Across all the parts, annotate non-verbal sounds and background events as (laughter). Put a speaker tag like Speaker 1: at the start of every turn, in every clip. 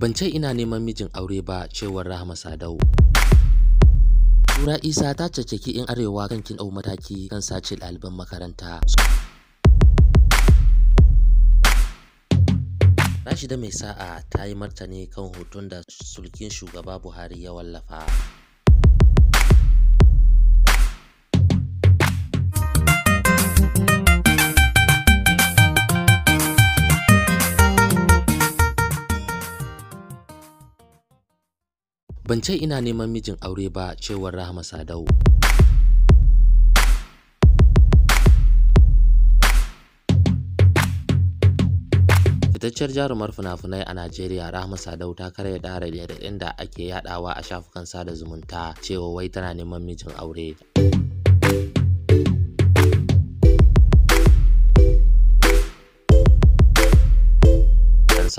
Speaker 1: Ban ce ina neman mijin aure ba cewar Rahama Sadau. Tura Isa ta caccaki in arewa kan kin ɗau mataki kan sace ɗaliban makaranta. Rashida mai sa'a ta yi martani kan hoton da sulkin shugaba Buhari ya wallafa. Ban ce ina neman mijin aure ba cewar Rahama Sadau. fitaccen jarumar fina-finai a Najeriya Rahma Sadau ta karya dara da inda ake yadawa a shafukan sada zumunta cewa wai tana neman mijin aure.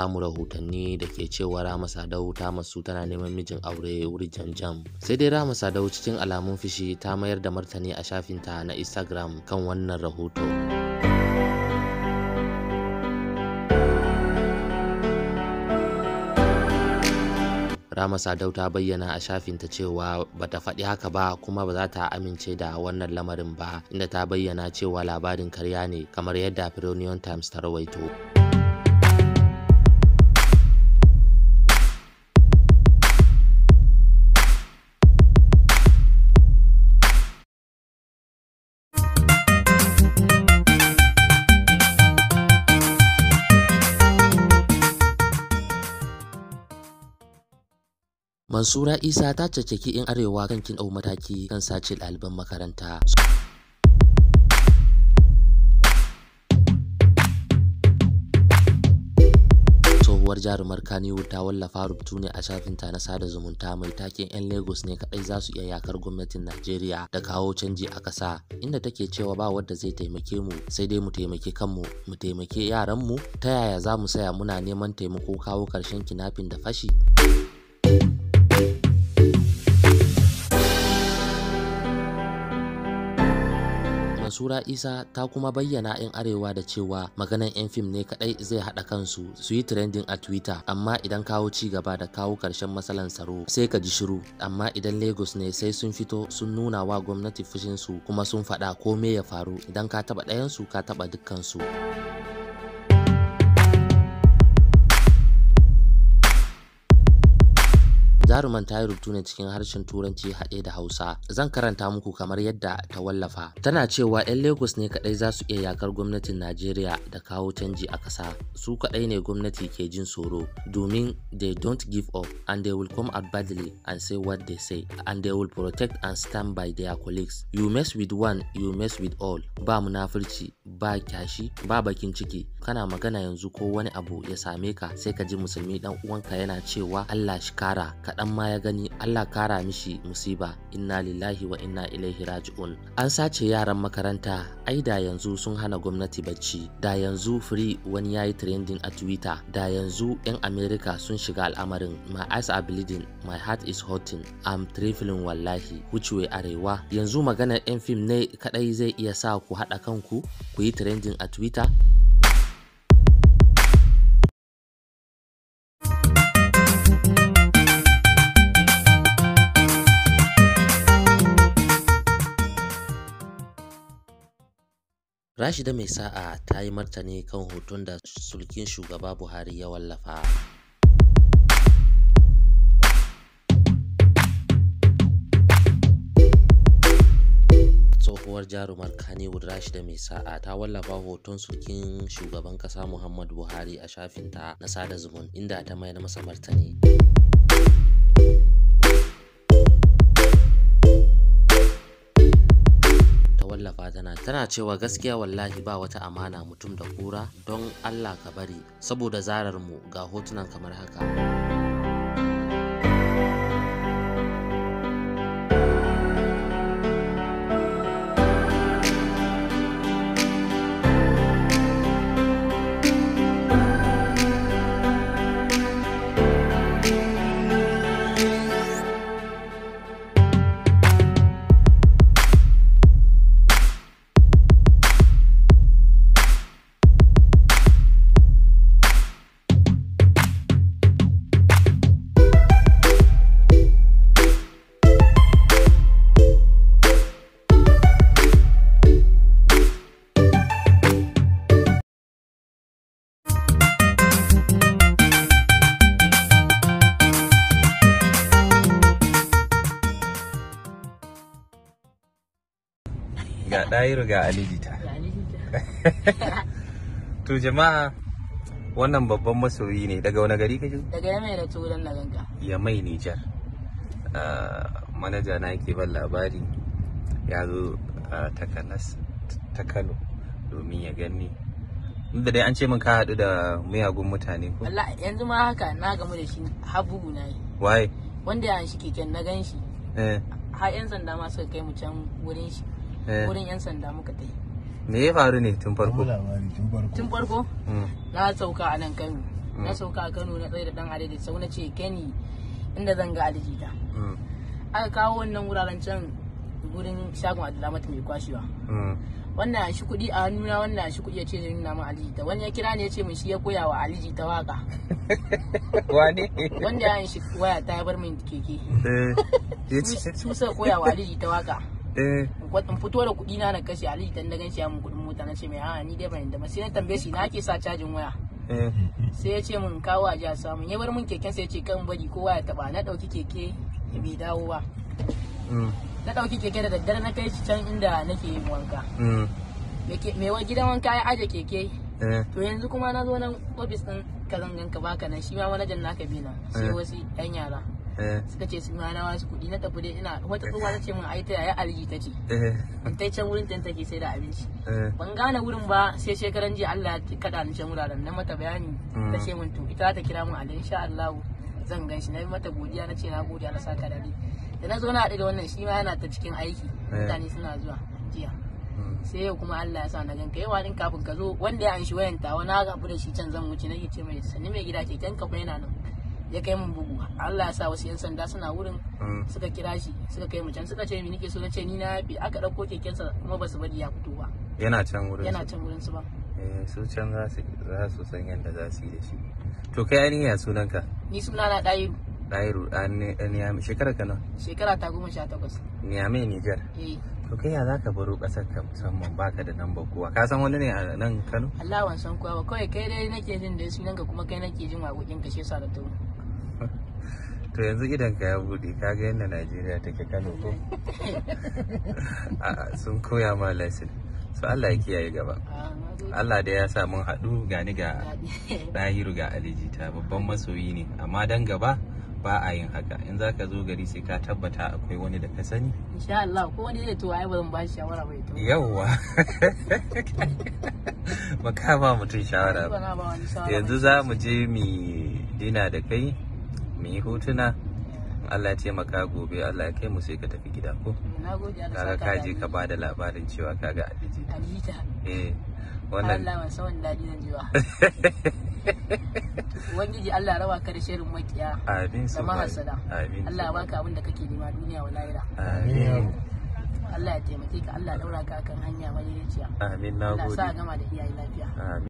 Speaker 1: samu rahotanni da ke cewa Rama Sadau ta masu tana neman mijin aure wuri jamjam. Sai dai Rama Sadau cikin alamun fishi ta mayar da martani a shafinta na Instagram kan wannan rahoto. Rama Sadau ta bayyana a shafinta cewa ba ta faɗi haka ba kuma ba za ta amince da wannan lamarin ba inda ta bayyana cewa labarin karya ne kamar yadda Premium Times ta rawaito. Mansura Isa ta caccaki in arewa kan kin ɗau mataki kan sace ɗaliban makaranta. tsohuwar jarumar kaniwu ta wallafa rubutu ne a shafinta na sada zumunta mai taken 'yan Lagos ne kadai za su iya yakar gwamnatin Najeriya da kawo canji a ƙasa, inda take cewa ba wanda zai taimake mu sai dai mu taimake kanmu, mu taimake yaranmu, ta yaya za mu saya muna neman taimako kawo karshen kinafin da fashi. sura Isa ta kuma bayyana 'yan arewa da cewa maganan 'yan fim ne kadai zai haɗa kansu su yi trending a Twitter amma idan kawo ci gaba da kawo karshen matsalan tsaro sai ka ji shiru amma idan Lagos ne sai sun fito sun nuna wa gwamnati fushinsu kuma sun faɗa kome ya faru idan ka taɓa ɗayansu ka taɓa dukkansu. jaruman ta yi rubutu ne cikin harshen turanci haɗe da hausa zan karanta muku kamar yadda ta wallafa tana cewa 'yan lagos ne kaɗai za su iya yakar gwamnatin najeriya da kawo canji a ƙasa su kaɗai ne gwamnati ke jin tsoro domin they don't give up and they will come out badly and say what they say and they will protect and stand by their colleagues you mess with one you mess with all ba munafurci ba kyashi ba bakin ciki kana magana yanzu ko wani abu ya same ka sai ka ji musulmi dan uwanka yana cewa Allah shi kara kaɗan ma ya gani Allah kara mishi musiba inna lillahi wa inna ilaihi raji'un an sace yaran makaranta ai da yanzu sun hana gwamnati bacci da yanzu free wani yayi trending a twitter da yanzu yan america sun shiga al'amarin my eyes are bleeding my heart is hurting i'm trifling wallahi wucewa arewa yanzu magana yan fim ne kadai zai iya sa ku haɗa kanku ku yi trending a Twitter. Rashida mai sa'a ta yi martani kan hoton da sulkin shugaba Buhari ya wallafa. kasuwar jarumar rashi da mai sa'a ta wallafa hoton surkin shugaban kasa Muhammadu Buhari a shafin ta na sada zumun inda ta mayar masa martani. wallafa tana tana cewa gaskiya wallahi ba wata amana mutum da kura don Allah ka bari saboda zarar mu ga hotunan kamar haka.
Speaker 2: ɗayiru ga alijita
Speaker 3: (laughs)
Speaker 2: to jama'a wannan babban masoyi ne daga wani gari kaji
Speaker 3: daga yamai da turan na ganka
Speaker 2: yamai nijar ah, manaja na yake ban labari ya zo ah, ta kano domin ya gani da dai an ce min ka haɗu da miyagun mutane ko Allah
Speaker 3: yanzu ma haka na gamu da shi habu na yi waye wanda ya shi keken na gan shi eh. har yan sanda ma suka kai mu can wurin shi Eh. wurin yan sanda muka tafi
Speaker 2: me ya faru ne tun farko tun farko
Speaker 3: mm. na sauka a nan kano na mm. sauka a kano na tsaye da dan adadi sau na ce kenny inda zan ga alijita mm. aka kawo wannan wuraren can gurin shagon adalamata mai kwashewa wannan shi kuɗi a hannuna wannan shi kuɗi ya ce zai nuna min alijita wani ya kira ne ya ce min shi ya koya wa alijita waka
Speaker 2: (laughs) wane wanda ya
Speaker 3: shi waya ta bar min keke eh. (laughs) su sa koya wa alijita waka Eh. In fito da kuɗi na na kashe Aliyu dan gan shi ya mun kuɗin mota na ce mai a'a ni dai ban yadda ba sai na tambaye shi na ke sa cajin waya. Eh. Sai ya ce mun kawo a jiya samun ya bar mun keken sai ya ce kan bari kowa ya taba na ɗauki keke bai dawo ba. Mm. Na ɗauki keke da daddare na kai shi can inda nake yin wanka.
Speaker 1: Mai
Speaker 3: mm. wa gidan wanka ya aje keke. Eh. To yanzu kuma na zo nan ofis ɗin ka zangan ka baka nan shi ma manajan naka bi na sai wasu 'yan yara. Eh. suka ce suna na wasu kuɗi na tafi dai ina wata eh. tsohuwa ta ce min ai ta yaya alji ta ce eh. in ta can wurin tan take sai da abinci ban gane wurin ba sai shekaran jiya Allah ya kada ni can wuraren na mata bayani ta hmm. ce min to ita ta kira min a insha Allah zan gan na mata godiya na ce na gode na saka dare da na zo na haɗu da wannan shi ma yana ta cikin aiki mutane suna zuwa jiya hmm. sai yau kuma Allah ya sa na ka yawa din kafin ka zo wanda ya anshi wayanta wani abu da shi can zan wuce na ke ce mai sanni mai gida keken ka kuma yana nan ya kai mun bugu Allah ya sa wasu yan sanda suna wurin mm. suka kira shi suka kai mu can suka ce mi nake so nace ni na yafi aka dauko keken sa kuma su bari ya fito ba
Speaker 2: yana can wurin yana can wurin su ba eh su can za su za su san yanda za su yi da shi to kai ainihin ya sunanka
Speaker 3: ni suna na Dairu
Speaker 2: Dairu Niyame shekara kana
Speaker 3: shekara ta goma sha takwas
Speaker 2: Niyame Niger eh to kai ya zaka baro kasar ka musamman baka da nan kowa ka san wani ne a nan Kano
Speaker 3: Allah wan san kuwa ba kawai kai dai nake jin da sunan ka kuma kai nake jin waƙoƙin ka shi yasa da tauri
Speaker 2: to yanzu idan ka ya bude ka ga yadda najeriya take kano ko (laughs) sun koya ma lesson so allah ya kiyaye gaba allah da ya sa mun haɗu gani ga ɗahiru ga alijita babban masoyi ne amma dan gaba ba a yin haka in za ka zo gari sai ka tabbata akwai wani da ka sani
Speaker 3: insha ba ba shi shawara
Speaker 2: ba (laughs) mutum shawara ba yanzu za mu je mi dina da kai mu yi hotuna Allah ya ce maka gobe Allah ya kai mu sai ka tafi gida ko kaga ka je ka bada labarin cewa kaga Adiji eh wannan Allah
Speaker 3: mai sawan dadi zan jiwa (laughs) Ubangiji Allah rawa ka da shirin makiya
Speaker 4: amin
Speaker 2: sama hasala amin Allah ya baka
Speaker 3: abin da kake nema duniya wa lahira amin Allah ya taimake ka Allah ya daura ka kan hanya mai madaidaiciya
Speaker 2: amin nagode Allah sa
Speaker 3: gama da iyaye lafiya
Speaker 2: amin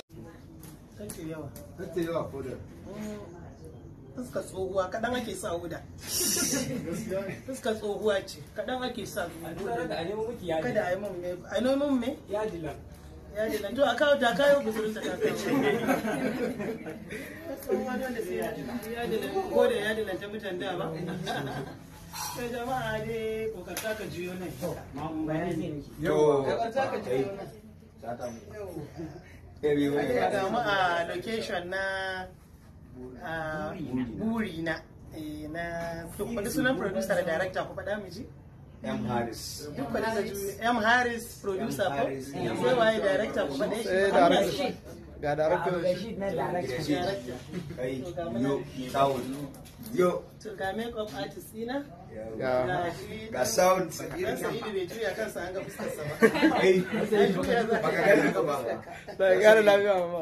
Speaker 4: ta yawa har ta ko da mm. fuskar tsohuwa kaɗan ake sa huda fuskar tsohuwa ce ake sa huda kada a yi mun me a yi mun me ya dilan to a kawo ta kawo guzurin ta kawo ko da ya ta mutan da ba ta jama'a ne kokarta ka juyo nan yau kokarta ka juyo nan daga a location na buri eh, na na wani sunan producer da director ku faɗa miji M. Harris. M. Harris, producer ko? Sai waye director ku faɗa shi? Ga eh, director. Ga director. Ga director. Ga director. Ga director. Yo. To ga makeup artist ina? Ga sound. Dan Sa'idu bai juya kansa an ga fuskarsa ba. Baka gane ka ba. Ba ka gane lafiya ba.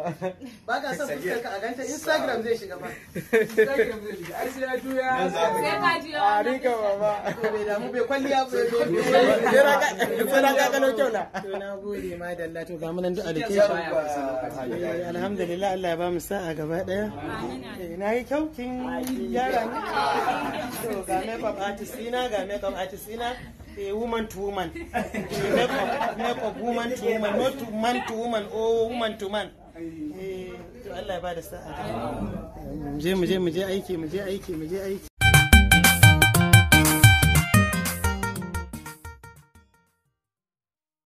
Speaker 4: Ba ka son fuskar ka a ganta Instagram zai shiga ba. Instagram zai shiga. Ai sai ya juya. Sai ka juya. A rika ba ba. To bai mu bai kwalliya bai bai. Sai na kakalo kyau na. To na gode ma da Allah to ga mu nan duk alƙesha. Eh, alhamdulillah Allah ya ba mu sa'a gaba daya. Eh, na yi kyau kin ya yaron so ga makeup artist ina ga makeup artist ina a woman to woman makeup makeup woman to woman not to man to woman or woman to man to Allah ya bada sa'a mu je mu je mu je aiki mu je aiki mu je aiki